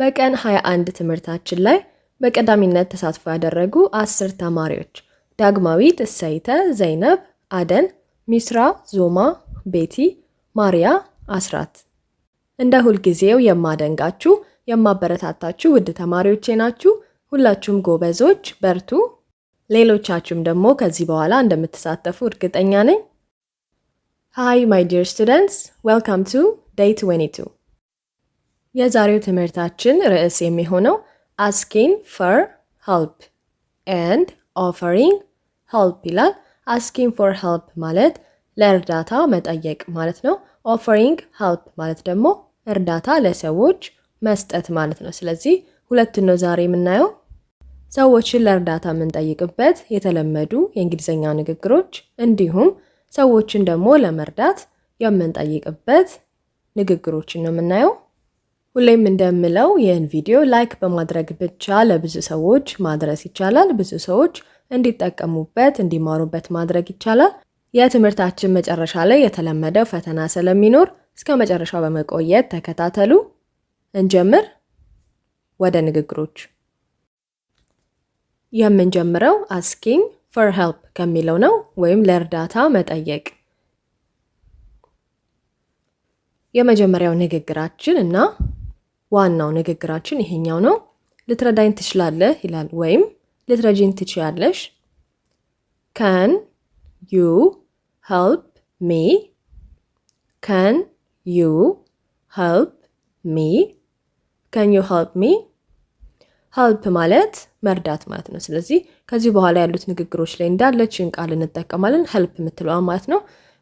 በቀን 21 ትምህርታችን ላይ በቀዳሚነት ተሳትፎ ያደረጉ አስር ተማሪዎች ዳግማዊት፣ እሰይተ፣ ዘይነብ፣ አደን፣ ሚስራ፣ ዞማ፣ ቤቲ፣ ማሪያ፣ አስራት እንደ ሁልጊዜው የማደንቃችሁ የማበረታታችሁ ውድ ተማሪዎቼ ናችሁ። ሁላችሁም ጎበዞች በርቱ። ሌሎቻችሁም ደግሞ ከዚህ በኋላ እንደምትሳተፉ እርግጠኛ ነኝ። ሃይ ማይ ዲር ስቱደንትስ Welcome ቱ ዴይ 22. የዛሬው ትምህርታችን ርዕስ የሚሆነው አስኪንግ ፎር ሄልፕ ኤንድ ኦፈሪንግ ሄልፕ ይላል። አስኪንግ ፎር ሄልፕ ማለት ለእርዳታ መጠየቅ ማለት ነው። ኦፈሪንግ ሄልፕ ማለት ደግሞ እርዳታ ለሰዎች መስጠት ማለት ነው። ስለዚህ ሁለቱን ነው ዛሬ የምናየው። ሰዎችን ለእርዳታ የምንጠይቅበት የተለመዱ የእንግሊዝኛ ንግግሮች እንዲሁም ሰዎችን ደግሞ ለመርዳት የምንጠይቅበት ንግግሮችን ነው የምናየው። ሁሌም እንደምለው ይህን ቪዲዮ ላይክ በማድረግ ብቻ ለብዙ ሰዎች ማድረስ ይቻላል። ብዙ ሰዎች እንዲጠቀሙበት እንዲማሩበት ማድረግ ይቻላል። የትምህርታችን መጨረሻ ላይ የተለመደው ፈተና ስለሚኖር እስከ መጨረሻው በመቆየት ተከታተሉ። እንጀምር። ወደ ንግግሮች የምንጀምረው አስኪንግ ፎር ሄልፕ ከሚለው ነው፣ ወይም ለእርዳታ መጠየቅ። የመጀመሪያው ንግግራችን እና ዋናው ንግግራችን ይሄኛው ነው። ልትረዳኝ ትችላለህ ይላል ወይም ልትረጂኝ ትችላለሽ። ከን ዩ ሄልፕ ሚ፣ ከን ዩ ሄልፕ ሚ፣ ከን ዩ ሄልፕ ሚ። ሀልፕ ማለት መርዳት ማለት ነው። ስለዚህ ከዚህ በኋላ ያሉት ንግግሮች ላይ እንዳለችን ቃል እንጠቀማለን። ሀልፕ የምትለዋ ማለት ነው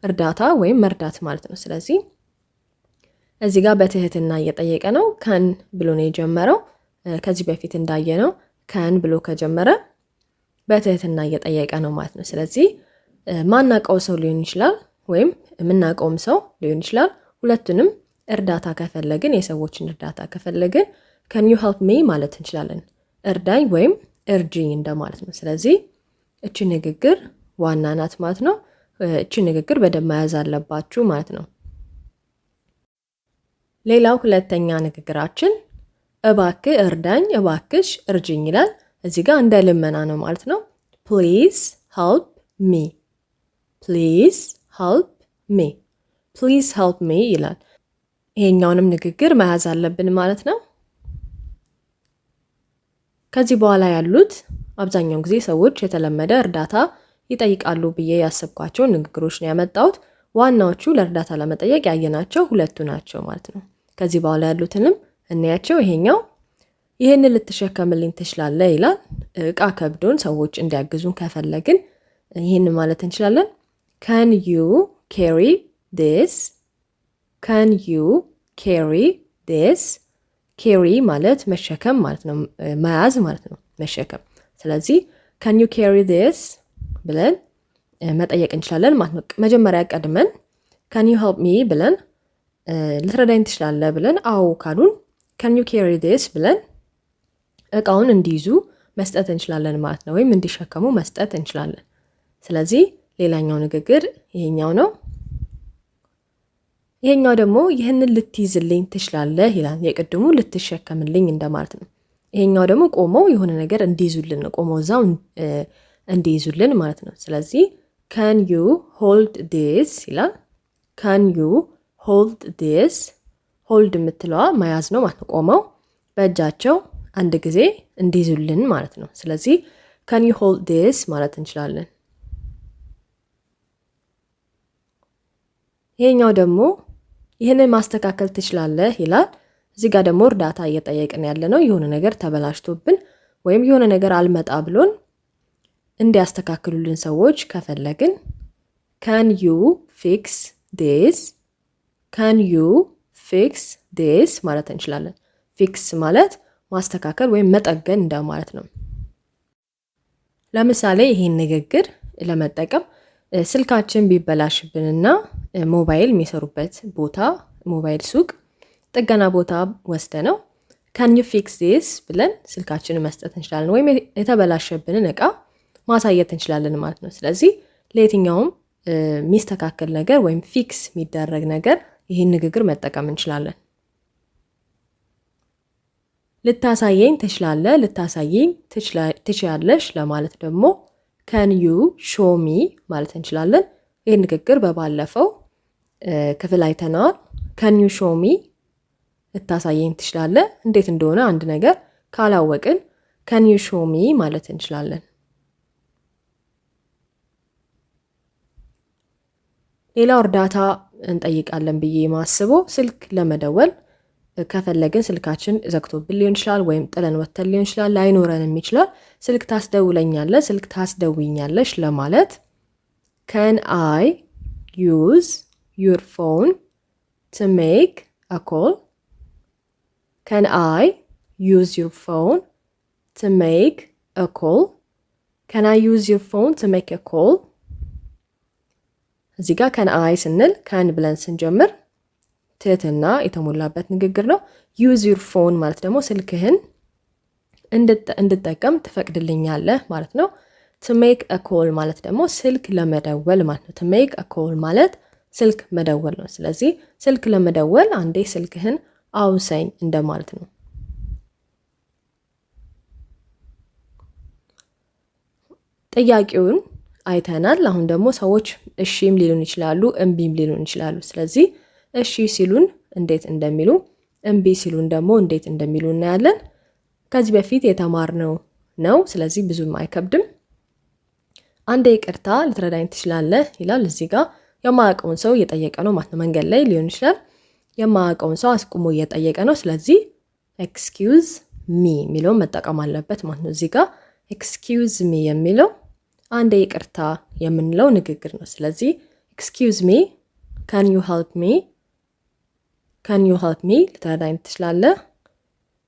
እርዳታ ወይም መርዳት ማለት ነው። ስለዚህ እዚህ ጋር በትህትና እየጠየቀ ነው። ከን ብሎ ነው የጀመረው። ከዚህ በፊት እንዳየ ነው ከን ብሎ ከጀመረ በትህትና እየጠየቀ ነው ማለት ነው። ስለዚህ ማናቀው ሰው ሊሆን ይችላል ወይም የምናቀውም ሰው ሊሆን ይችላል። ሁለቱንም እርዳታ ከፈለግን የሰዎችን እርዳታ ከፈለግን ከን ዩ ሄልፕ ሚ ማለት እንችላለን። እርዳኝ ወይም እርጅኝ እንደማለት ነው። ስለዚህ እቺ ንግግር ዋና ናት ማለት ነው። እቺ ንግግር በደንብ መያዝ አለባችሁ ማለት ነው። ሌላው ሁለተኛ ንግግራችን እባክ እርዳኝ፣ እባክሽ እርጅኝ ይላል። እዚህ ጋር እንደ ልመና ነው ማለት ነው። ፕሊዝ ሄልፕ ሚ፣ ፕሊዝ ሄልፕ ሚ፣ ፕሊዝ ሄልፕ ሚ ይላል። ይሄኛውንም ንግግር መያዝ አለብን ማለት ነው። ከዚህ በኋላ ያሉት አብዛኛውን ጊዜ ሰዎች የተለመደ እርዳታ ይጠይቃሉ ብዬ ያሰብኳቸውን ንግግሮች ነው ያመጣሁት። ዋናዎቹ ለእርዳታ ለመጠየቅ ያየናቸው ሁለቱ ናቸው ማለት ነው። ከዚህ በኋላ ያሉትንም እናያቸው። ይሄኛው ይህንን ልትሸከምልኝ ትችላለህ ይላል። እቃ ከብዶን ሰዎች እንዲያግዙን ከፈለግን ይህን ማለት እንችላለን። ከን ዩ ኬሪ ዲስ፣ ከን ዩ ኬሪ ዲስ። ካሪ ማለት መሸከም ማለት ነው፣ መያዝ ማለት ነው፣ መሸከም። ስለዚህ ከን ዩ ኬሪ ዲስ ብለን መጠየቅ እንችላለን ማለት ነው። መጀመሪያ ቀድመን ከን ዩ ሄልፕ ሚ ብለን ልትረዳኝ ትችላለህ ብለን አዎ ካሉን ከን ዩ ኬሪ ብለን እቃውን እንዲይዙ መስጠት እንችላለን ማለት ነው፣ ወይም እንዲሸከሙ መስጠት እንችላለን። ስለዚህ ሌላኛው ንግግር ይሄኛው ነው። ይሄኛው ደግሞ ይህንን ልትይዝልኝ ትችላለህ ይላል። የቅድሙ ልትሸከምልኝ እንደማለት ነው። ይሄኛው ደግሞ ቆመው የሆነ ነገር እንዲይዙልን ነው፣ ቆመው እዛው እንዲይዙልን ማለት ነው። ስለዚህ ከን ዩ ሆልድ ስ ይላል። ከን ዩ ሆልድ ዲስ ሆልድ የምትለዋ መያዝ ነው ማለት ነው። ቆመው በእጃቸው አንድ ጊዜ እንዲይዙልን ማለት ነው። ስለዚህ ከን ዩ ሆልድ ዲስ ማለት እንችላለን። ይሄኛው ደግሞ ይህንን ማስተካከል ትችላለህ ይላል። እዚህ ጋር ደግሞ እርዳታ እየጠየቅን ያለ ነው። የሆነ ነገር ተበላሽቶብን ወይም የሆነ ነገር አልመጣ ብሎን እንዲያስተካክሉልን ሰዎች ከፈለግን ከን ዩ ፊክስ ዲስ ከን ዩ ፊክስ ዴስ ማለት እንችላለን። ፊክስ ማለት ማስተካከል ወይም መጠገን እንደማለት ነው። ለምሳሌ ይህን ንግግር ለመጠቀም ስልካችን ቢበላሽብንና ሞባይል የሚሰሩበት ቦታ ሞባይል ሱቅ ጥገና ቦታ ወስደ ነው ከን ዩ ፊክስ ዴስ ብለን ስልካችንን መስጠት እንችላለን፣ ወይም የተበላሸብንን እቃ ማሳየት እንችላለን ማለት ነው። ስለዚህ ለየትኛውም የሚስተካከል ነገር ወይም ፊክስ የሚደረግ ነገር ይህን ንግግር መጠቀም እንችላለን። ልታሳየኝ ትችላለ ልታሳየኝ ትችያለሽ ለማለት ደግሞ ከን ዩ ሾሚ ማለት እንችላለን። ይህን ንግግር በባለፈው ክፍል አይተነዋል። ከን ዩ ሾሚ ልታሳየኝ ትችላለህ። እንዴት እንደሆነ አንድ ነገር ካላወቅን ከን ዩ ሾሚ ማለት እንችላለን። ሌላው እርዳታ እንጠይቃለን ብዬ ማስበው ስልክ ለመደወል ከፈለግን ስልካችን ዘግቶብን ሊሆን ይችላል፣ ወይም ጥለን ወተን ሊሆን ይችላል፣ ላይኖረንም ይችላል። ስልክ ታስደውለኛለሽ፣ ስልክ ታስደውኛለሽ ለማለት ከን አይ ዩዝ ዩር ፎን ቱ ሜክ አ ኮል። ከን አይ ዩዝ ዩር ፎን ቱ ሜክ አ ኮል። ከን አይ ዩዝ ዩር ፎን ቱ ሜክ አ ኮል እዚህ ጋር አይ ስንል ከን ብለን ስንጀምር ትህትና የተሞላበት ንግግር ነው። ዩዝ ዩር ፎን ማለት ደግሞ ስልክህን እንድጠቀም ትፈቅድልኛለህ ማለት ነው። ቱ ሜክ አ ኮል ማለት ደግሞ ስልክ ለመደወል ማለት ነው። ቱ ሜክ አ ኮል ማለት ስልክ መደወል ነው። ስለዚህ ስልክ ለመደወል አንዴ ስልክህን አውሰኝ እንደማለት ነው። ጥያቄውን አይተናል። አሁን ደግሞ ሰዎች እሺም ሊሉን ይችላሉ፣ እምቢም ሊሉን ይችላሉ። ስለዚህ እሺ ሲሉን እንዴት እንደሚሉ፣ እምቢ ሲሉን ደግሞ እንዴት እንደሚሉ እናያለን። ከዚህ በፊት የተማርነው ነው። ስለዚህ ብዙም አይከብድም። አንዴ ይቅርታ ልትረዳኝ ትችላለህ ይላል። እዚህ ጋር የማያውቀውን ሰው እየጠየቀ ነው ማለት ነው። መንገድ ላይ ሊሆን ይችላል። የማያውቀውን ሰው አስቁሞ እየጠየቀ ነው። ስለዚህ ኤክስኪውዝ ሚ የሚለውን መጠቀም አለበት ማለት ነው። እዚህ ጋር ኤክስኪውዝ ሚ የሚለው አንድ ይቅርታ የምንለው ንግግር ነው። ስለዚህ ኤክስኪውዝ ሚ፣ ካን ዩ ሄልፕ ሚ፣ ካን ዩ ሄልፕ ሚ ልትረዳኝ ትችላለህ?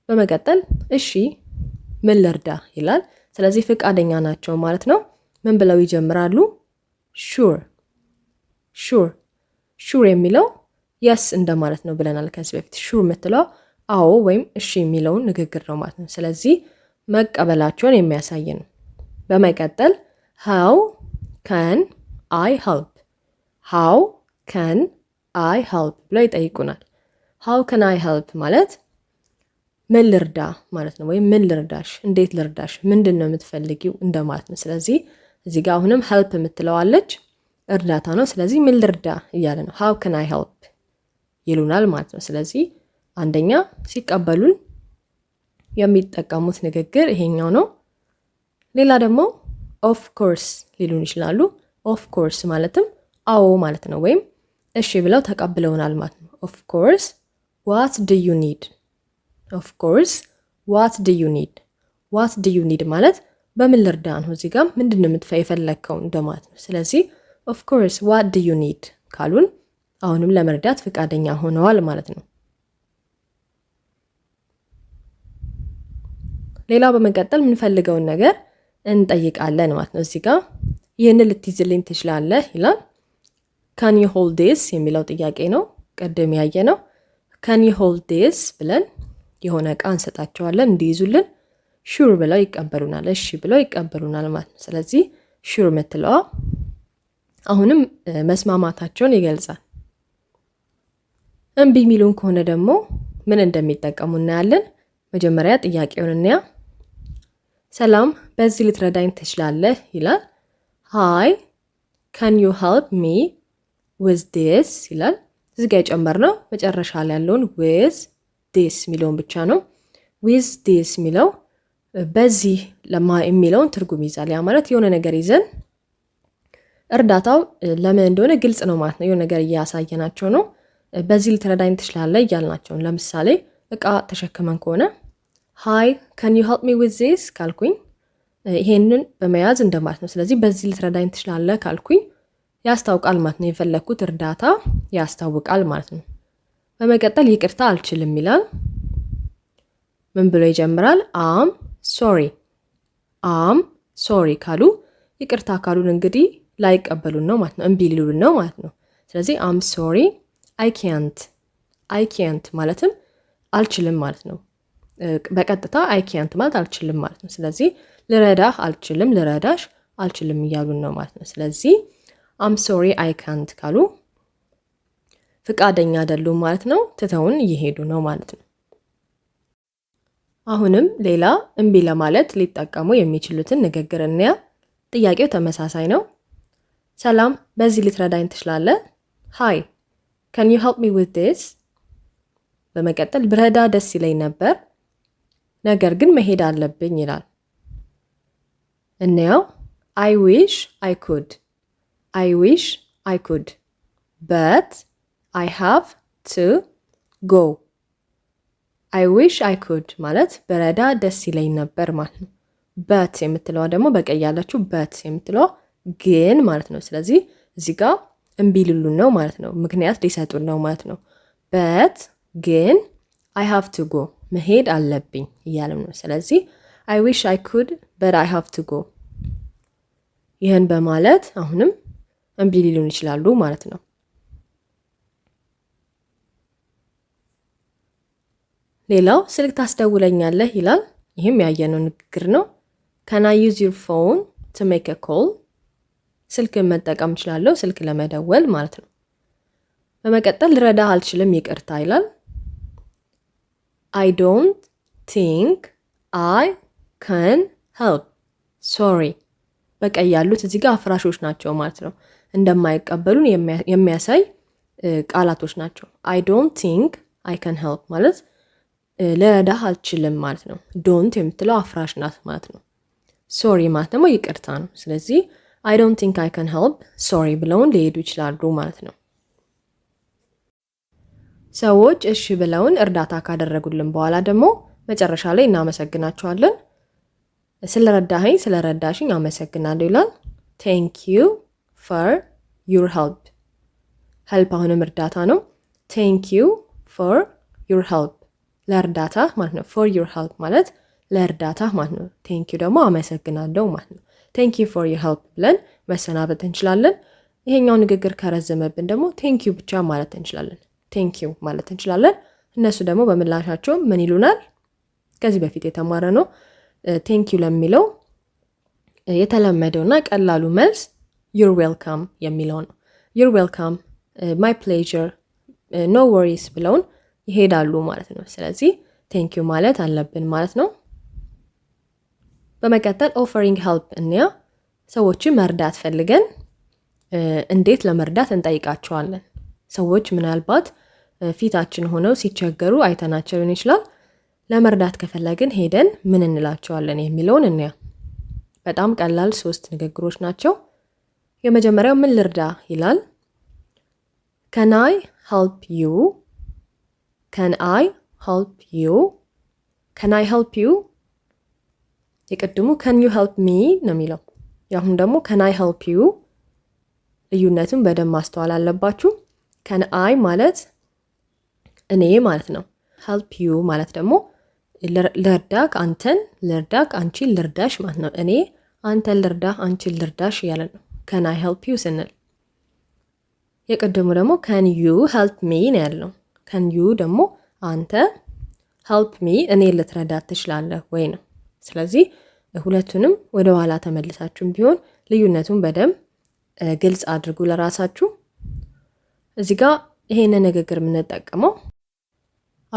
በመቀጠል እሺ ምን ልርዳ ይላል። ስለዚህ ፈቃደኛ ናቸው ማለት ነው። ምን ብለው ይጀምራሉ? ሹር ሹር ሹር የሚለው የስ እንደማለት ነው ብለናል ከዚህ በፊት። ሹር የምትለው አዎ ወይም እሺ የሚለውን ንግግር ነው ማለት ነው። ስለዚህ መቀበላቸውን የሚያሳይ ነው። በመቀጠል ሃው ከን አይ ሄልፕ ሃው ከን አይ ሄልፕ ብለው ይጠይቁናል። ሃው ከን አይ ሄልፕ ማለት ምን ልርዳ ማለት ነው። ወይም ምን ልርዳሽ፣ እንዴት ልርዳሽ፣ ምንድን ነው የምትፈልጊው እንደማለት ነው። ስለዚህ እዚህ ጋር አሁንም ሄልፕ የምትለዋለች እርዳታ ነው። ስለዚህ ምን ልርዳ እያለ ነው። ሃው ከን አይ ሄልፕ ይሉናል ማለት ነው። ስለዚህ አንደኛ ሲቀበሉን የሚጠቀሙት ንግግር ይሄኛው ነው። ሌላ ደግሞ ኦፍ ኮርስ ሊሉን ይችላሉ። ኦፍ ኮርስ ማለትም አዎ ማለት ነው፣ ወይም እሺ ብለው ተቀብለውናል ማለት ነው። ኦፍ ኮርስ ዋት ድ ዩ ኒድ። ኦፍ ኮርስ ዋት ድ ዩ ኒድ። ዋት ድ ዩ ኒድ ማለት በምን ልርዳ ነው፣ እዚህ ጋር ምንድን ነው የፈለግከው እንደማለት ነው። ስለዚህ ኦፍ ኮርስ ዋት ድ ዩ ኒድ ካሉን አሁንም ለመርዳት ፈቃደኛ ሆነዋል ማለት ነው። ሌላው በመቀጠል የምንፈልገውን ነገር እንጠይቃለን ማለት ነው። እዚህ ጋር ይህንን ልትይዝልኝ ትችላለህ ይላል። ካን ዩ ሆልድ የሚለው ጥያቄ ነው፣ ቅድም ያየ ነው። ካን ዩ ሆልድ ዴስ ብለን የሆነ እቃ እንሰጣቸዋለን እንዲይዙልን፣ ሹር ብለው ይቀበሉናል። እሺ ብለው ይቀበሉናል ማለት ነው። ስለዚህ ሹር የምትለዋ አሁንም መስማማታቸውን ይገልጻል። እምቢ የሚሉን ከሆነ ደግሞ ምን እንደሚጠቀሙ እናያለን። መጀመሪያ ጥያቄውን እንያ። ሰላም በዚህ ልትረዳኝ ትችላለህ ይላል። ሃይ ካን ዩ ሄልፕ ሚ ዊዝ ዲስ ይላል። እዚህ ጋ ነው መጨረሻ ላይ ያለውን ዊዝ ዲስ የሚለውን ብቻ ነው። ዊዝ ዲስ የሚለው በዚህ ለማ የሚለውን ትርጉም ይዛል። ያ ማለት የሆነ ነገር ይዘን እርዳታው ለምን እንደሆነ ግልጽ ነው ማለት ነው። የሆነ ነገር እያሳየናቸው ነው። በዚህ ልትረዳኝ ትችላለህ እያልናቸው ለምሳሌ እቃ ተሸክመን ከሆነ ሃይ ካን ዩ ሄልፕ ሚ ዊዝ ዚስ ካልኩኝ ይሄንን በመያዝ እንደማለት ነው። ስለዚህ በዚህ ልትረዳኝ ትችላለ ካልኩኝ ያስታውቃል ማለት ነው። የፈለግኩት እርዳታ ያስታውቃል ማለት ነው። በመቀጠል ይቅርታ አልችልም ይላል። ምን ብሎ ይጀምራል? አም ሶሪ አም ሶሪ ካሉ ይቅርታ ካሉን እንግዲህ ላይቀበሉን ነው ማለት ነው። እምቢ ሊሉልን ነው ማለት ነው። ስለዚህ አም ሶሪ አይ ኪያንት አይ ኪያንት ማለትም አልችልም ማለት ነው። በቀጥታ አይ ኪያንት ማለት አልችልም ማለት ነው። ስለዚህ ልረዳህ አልችልም፣ ልረዳሽ አልችልም እያሉን ነው ማለት ነው። ስለዚህ አም ሶሪ አይ ካንት ካሉ ፍቃደኛ አይደሉም ማለት ነው። ትተውን እየሄዱ ነው ማለት ነው። አሁንም ሌላ እምቢ ለማለት ሊጠቀሙ የሚችሉትን ንግግር እንያ። ጥያቄው ተመሳሳይ ነው። ሰላም፣ በዚህ ልትረዳኝ ትችላለህ? ሃይ ከን ዩ ሄልፕ ሚ ዊዝ ዲስ። በመቀጠል ብረዳ ደስ ይለኝ ነበር፣ ነገር ግን መሄድ አለብኝ ይላል። እናየው። አይ ዊሽ አይ ኩድ፣ አይ ዊሽ አይ ኩድ በት አይ ሃቭ ቱ ጎ። አይ ዊሽ አይ ኩድ ማለት በረዳ ደስ ይለኝ ነበር ማለት ነው። በት የምትለዋ ደግሞ በቀይ ያለችው በት የምትለዋ ግን ማለት ነው። ስለዚህ እዚህ ጋር እምቢ ሊሉን ነው ማለት ነው። ምክንያት ሊሰጡን ነው ማለት ነው። በት ግን አይ ሃቭ ቱ ጎ መሄድ አለብኝ እያለም ነው። ስለዚህ አይ ዊሽ አይ ኩድ በት አይ ሃቭ ቱ ጎ። ይህን በማለት አሁንም እምቢ ሊሉን ይችላሉ ማለት ነው። ሌላው ስልክ ታስደውለኛለህ ይላል። ይህም ያየነው ንግግር ነው። ከና ዩዝ ዩር ፎን ቱ ሜክ አ ኮል፣ ስልክን መጠቀም እችላለሁ ስልክ ለመደወል ማለት ነው። በመቀጠል ልረዳህ አልችልም ይቅርታ ይላል። አይ ዶንት ቲንክ አይ ከን ሄልፕ ሶሪ በቃ ያሉት እዚህ ጋር አፍራሾች ናቸው ማለት ነው። እንደማይቀበሉን የሚያሳይ ቃላቶች ናቸው። አይ ዶንት ቲንክ አይ ካን ሄልፕ ማለት ልረዳህ አልችልም ማለት ነው። ዶንት የምትለው አፍራሽ ናት ማለት ነው። ሶሪ ማለት ደግሞ ይቅርታ ነው። ስለዚህ አይ ዶንት ቲንክ አይ ካን ሄልፕ ሶሪ ብለውን ሊሄዱ ይችላሉ ማለት ነው። ሰዎች እሺ ብለውን እርዳታ ካደረጉልን በኋላ ደግሞ መጨረሻ ላይ እናመሰግናቸዋለን። ስለረዳኸኝ ስለረዳሽኝ አመሰግናለሁ ይላል። ቴንክ ዩ ፎር ዩር ሄልፕ። ሄልፕ አሁንም እርዳታ ነው። ቴንክ ዩ ፎር ዩር ሄልፕ ለእርዳታ ማለት ነው። ፎር ዩር ሄልፕ ማለት ለእርዳታ ማለት ነው። ቴንክ ዩ ደግሞ አመሰግናለሁ ማለት ነው። ቴንክ ዩ ፎር ዩር ሄልፕ ብለን መሰናበት እንችላለን። ይሄኛው ንግግር ከረዘመብን ደግሞ ቴንክ ዩ ብቻ ማለት እንችላለን። ቴንክ ዩ ማለት እንችላለን። እነሱ ደግሞ በምላሻቸው ምን ይሉናል? ከዚህ በፊት የተማረ ነው ቴንኪዩ ለሚለው የተለመደው እና ቀላሉ መልስ ዩር ዌልካም የሚለው ነው። ዩር ዌልካም፣ ማይ ፕሌዥር፣ ኖ ወሪስ ብለውን ይሄዳሉ ማለት ነው። ስለዚህ ቴንኪ ማለት አለብን ማለት ነው። በመቀጠል ኦፈሪንግ ሄልፕ እንያ ሰዎችን መርዳት ፈልገን እንዴት ለመርዳት እንጠይቃቸዋለን። ሰዎች ምናልባት ፊታችን ሆነው ሲቸገሩ አይተናቸው ሊሆን ይችላል። ለመርዳት ከፈለግን ሄደን ምን እንላቸዋለን የሚለውን እንያ። በጣም ቀላል ሶስት ንግግሮች ናቸው። የመጀመሪያው ምን ልርዳ ይላል። ከን አይ ሄልፕ ዩ፣ ከን አይ ሄልፕ ዩ፣ ከን አይ ሄልፕ ዩ። የቅድሙ ከን ዩ ሄልፕ ሚ ነው የሚለው። የአሁን ደግሞ ከን አይ ሄልፕ ዩ። ልዩነቱን በደንብ ማስተዋል አለባችሁ። ከን አይ ማለት እኔ ማለት ነው። ሄልፕ ዩ ማለት ደግሞ ልርዳክ አንተን ልርዳክ አንቺን ልርዳሽ ማለት ነው። እኔ አንተን ልርዳ አንቺን ልርዳሽ እያለ ነው። ከን አይ ሄልፕ ዩ ስንል የቀደሙ ደግሞ ከን ዩ ሄልፕ ሚ ነው ያለው። ከን ዩ ደግሞ አንተ ሄልፕ ሚ እኔ ልትረዳ ትችላለህ ወይ ነው። ስለዚህ ሁለቱንም ወደ ኋላ ተመልሳችሁም ቢሆን ልዩነቱን በደንብ ግልጽ አድርጉ ለራሳችሁ። እዚህ ጋር ይሄንን ንግግር የምንጠቀመው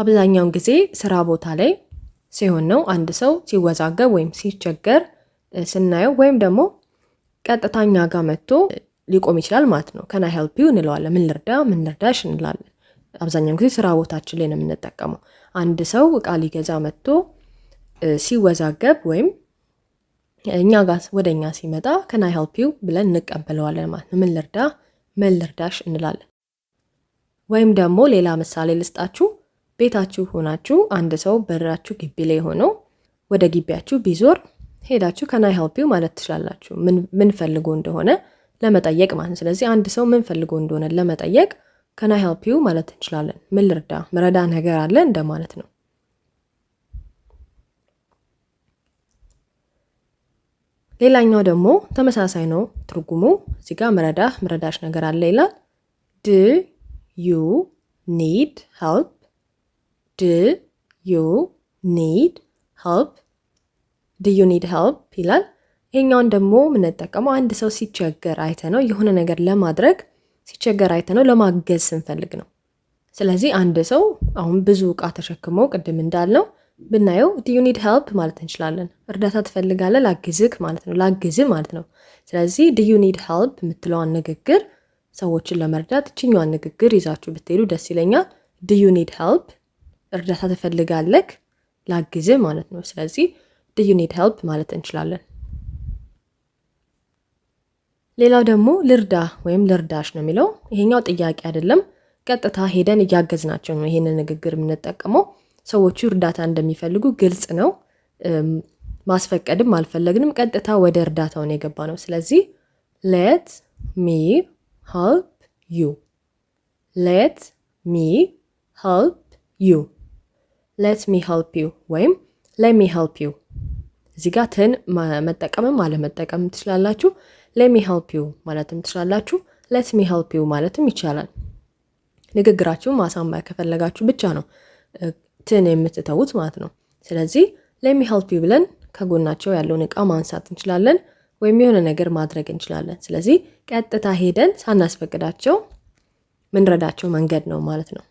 አብዛኛውን ጊዜ ስራ ቦታ ላይ ሲሆን ነው። አንድ ሰው ሲወዛገብ ወይም ሲቸገር ስናየው ወይም ደግሞ ቀጥታኛ ጋር መጥቶ ሊቆም ይችላል ማለት ነው። ከና ሄልፕ ዩ እንለዋለን። ምን ልርዳ፣ ምን ልርዳሽ እንላለን። አብዛኛውን ጊዜ ስራ ቦታችን ላይ ነው የምንጠቀመው። አንድ ሰው እቃ ሊገዛ መጥቶ ሲወዛገብ ወይም እኛ ጋር ወደ እኛ ሲመጣ ከና ሄልፕ ዩ ብለን እንቀበለዋለን ማለት ነው። ምን ልርዳ፣ ምን ልርዳሽ እንላለን። ወይም ደግሞ ሌላ ምሳሌ ልስጣችሁ። ቤታችሁ ሆናችሁ አንድ ሰው በራችሁ ግቢ ላይ ሆኖ ወደ ግቢያችሁ ቢዞር ሄዳችሁ ከናይ ሀልፒው ማለት ትችላላችሁ። ምን ፈልጎ እንደሆነ ለመጠየቅ ማለት ስለዚህ አንድ ሰው ምን ፈልጎ እንደሆነ ለመጠየቅ ከናይ ሀልፒው ማለት እንችላለን። ምን ልርዳ፣ ነገር አለ እንደማለት ነው። ሌላኛው ደግሞ ተመሳሳይ ነው ትርጉሙ። እዚህ ጋር መረዳህ፣ ነገር አለ ይላል። ድ ዩ ኒድ ሀልፕ ዱ ዩ ኒድ ሄልፕ ዱ ዩ ኒድ ሄልፕ ይላል። ይሄኛውን ደግሞ የምንጠቀመው አንድ ሰው ሲቸገር አይተ ነው የሆነ ነገር ለማድረግ ሲቸገር አይተ ነው ለማገዝ ስንፈልግ ነው። ስለዚህ አንድ ሰው አሁን ብዙ እቃ ተሸክሞ ቅድም እንዳልነው ብናየው ዱ ዩ ኒድ ሄልፕ ማለት እንችላለን። እርዳታ ትፈልጋለ ላግዝህ ማለት ነው፣ ላግዝ ማለት ነው። ስለዚህ ዱ ዩ ኒድ ሄልፕ የምትለዋን ንግግር ሰዎችን ለመርዳት እችኛዋን ንግግር ይዛችሁ ብትሄዱ ደስ ይለኛል። ዱ ዩ ኒድ ሄልፕ እርዳታ ትፈልጋለህ ላግዝ ማለት ነው። ስለዚህ ዱ ዩ ኒድ ሄልፕ ማለት እንችላለን። ሌላው ደግሞ ልርዳ ወይም ልርዳሽ ነው የሚለው። ይሄኛው ጥያቄ አይደለም፣ ቀጥታ ሄደን እያገዝናቸው ነው ይሄንን ንግግር የምንጠቀመው። ሰዎቹ እርዳታ እንደሚፈልጉ ግልጽ ነው። ማስፈቀድም አልፈለግንም፣ ቀጥታ ወደ እርዳታውን የገባ ነው። ስለዚህ ሌት ሚ ሄልፕ ዩ፣ ሌት ሚ ሄልፕ ዩ ሌት ሚ ሄልፕ ዩ ወይም ሌት ሚ ሄልፕ ዩ። እዚህ ጋር ትን መጠቀምም አለመጠቀምም ትችላላችሁ። ሌት ሚ ሄልፕ ዩ ማለትም ትችላላችሁ። ሌት ሚ ሄልፕ ዩ ማለትም ይቻላል። ንግግራችሁን ማሳመር ከፈለጋችሁ ብቻ ነው ትን የምትተዉት ማለት ነው። ስለዚህ ሌት ሚ ሄልፕ ዩ ብለን ከጎናቸው ያለውን እቃ ማንሳት እንችላለን፣ ወይም የሆነ ነገር ማድረግ እንችላለን። ስለዚህ ቀጥታ ሄደን ሳናስፈቅዳቸው ምንረዳቸው መንገድ ነው ማለት ነው።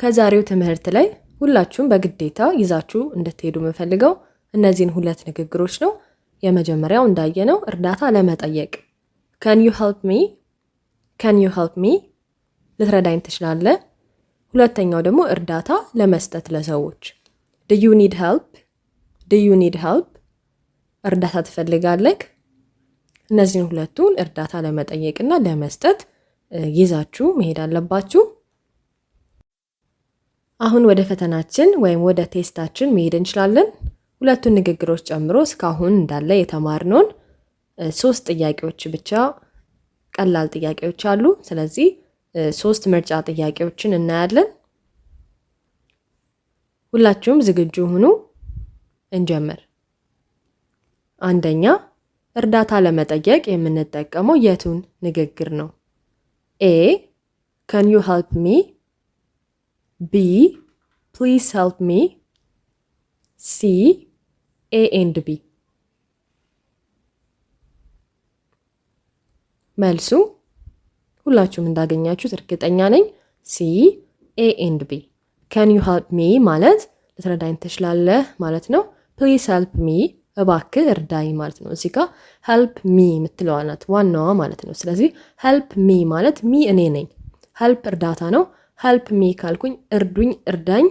ከዛሬው ትምህርት ላይ ሁላችሁም በግዴታ ይዛችሁ እንድትሄዱ የምፈልገው እነዚህን ሁለት ንግግሮች ነው። የመጀመሪያው እንዳየ ነው እርዳታ ለመጠየቅ ከን ዩ ሄልፕ ሚ፣ ከን ዩ ሄልፕ ሚ፣ ልትረዳኝ ትችላለ። ሁለተኛው ደግሞ እርዳታ ለመስጠት ለሰዎች ድ ዩ ኒድ ሄልፕ፣ ድ ዩ ኒድ ሄልፕ፣ እርዳታ ትፈልጋለክ። እነዚህን ሁለቱን እርዳታ ለመጠየቅና ለመስጠት ይዛችሁ መሄድ አለባችሁ። አሁን ወደ ፈተናችን ወይም ወደ ቴስታችን መሄድ እንችላለን። ሁለቱን ንግግሮች ጨምሮ እስካሁን እንዳለ የተማርነውን ሶስት ጥያቄዎች ብቻ ቀላል ጥያቄዎች አሉ። ስለዚህ ሶስት ምርጫ ጥያቄዎችን እናያለን። ሁላችሁም ዝግጁ ሁኑ። እንጀምር። አንደኛ እርዳታ ለመጠየቅ የምንጠቀመው የቱን ንግግር ነው? ኤ ካን ዩ ሄልፕ ሚ ቢ ፕሊዝ ሄልፕ ሚ ሲ ኤ ኤንድ ቢ። መልሱ ሁላችሁም እንዳገኛችሁት እርግጠኛ ነኝ። ሲ ኤ ኤንድ ቢ። ከን ዩ ሄልፕ ሚ ማለት ልትረዳኝ ትችላለህ ማለት ነው። ፕሊዝ ሄልፕ ሚ እባክህ እርዳኝ ማለት ነው። እዚህ ጋር ሄልፕ ሚ የምትለዋ ናት ዋናዋ ማለት ነው። ስለዚህ ሄልፕ ሚ ማለት ሚ እኔ ነኝ። ሄልፕ እርዳታ ነው። ሀልፕ ሚ ካልኩኝ እርዱኝ፣ እርዳኝ፣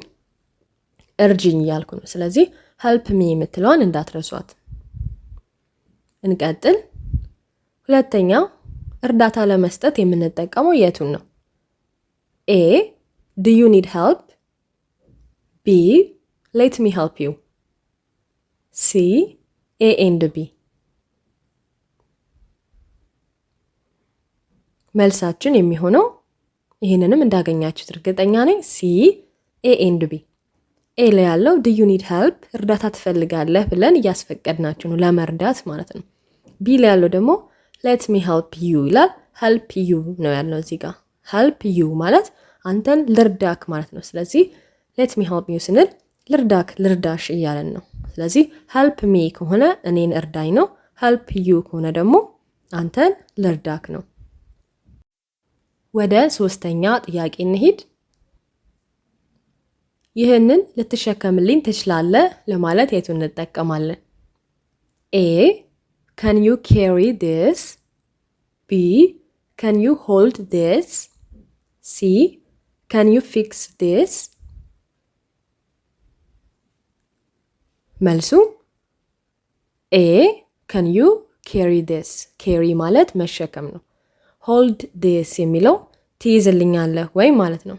እርጅኝ እያልኩ ነው። ስለዚህ ሀልፕ ሚ የምትለዋን እንዳትረሷት። እንቀጥል። ሁለተኛው እርዳታ ለመስጠት የምንጠቀመው የቱን ነው? ኤ ዱ ዩ ኒድ ሄልፕ፣ ቢ ሌት ሚ ሄልፕ ዩ፣ ሲ ኤ ኤንድ ቢ። መልሳችን የሚሆነው ይህንንም እንዳገኛችሁት እርግጠኛ ነኝ። ሲ ኤ ኤንድ ቢ ኤ ላይ ያለው ድ ዩ ኒድ ሄልፕ እርዳታ ትፈልጋለህ ብለን እያስፈቀድናችሁ ነው ለመርዳት ማለት ነው። ቢ ላይ ያለው ደግሞ ሌት ሚ ሄልፕ ዩ ይላል። ሄልፕ ዩ ነው ያለው እዚህ ጋር ሄልፕ ዩ ማለት አንተን ልርዳክ ማለት ነው። ስለዚህ ሌት ሚ ሄልፕ ዩ ስንል ልርዳክ ልርዳሽ እያለን ነው። ስለዚህ ሄልፕ ሚ ከሆነ እኔን እርዳኝ ነው። ሄልፕ ዩ ከሆነ ደግሞ አንተን ልርዳክ ነው። ወደ ሶስተኛ ጥያቄ እንሂድ። ይህንን ልትሸከምልኝ ትችላለህ ለማለት የቱ እንጠቀማለን? ኤ ከን ዩ ካሪ ዲስ፣ ቢ ከን ዩ ሆልድ ዲስ፣ ሲ ከን ዩ ፊክስ ዲስ። መልሱ ኤ ከን ዩ ካሪ ዲስ። ካሪ ማለት መሸከም ነው። ሆልድ ዴስ የሚለው ትይዝልኛለህ ወይ ማለት ነው።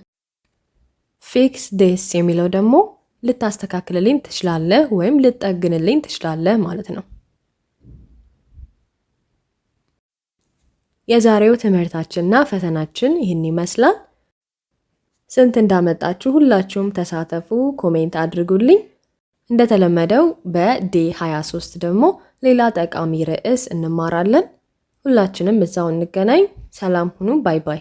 ፊክስ ዴስ የሚለው ደግሞ ልታስተካክልልኝ ትችላለህ ወይም ልጠግንልኝ ትችላለህ ማለት ነው። የዛሬው ትምህርታችንና ፈተናችን ይህን ይመስላል። ስንት እንዳመጣችሁ ሁላችሁም ተሳተፉ፣ ኮሜንት አድርጉልኝ። እንደተለመደው በዴ 23 ደግሞ ሌላ ጠቃሚ ርዕስ እንማራለን። ሁላችንም እዛው እንገናኝ። ሰላም ሁኑ። ባይ ባይ።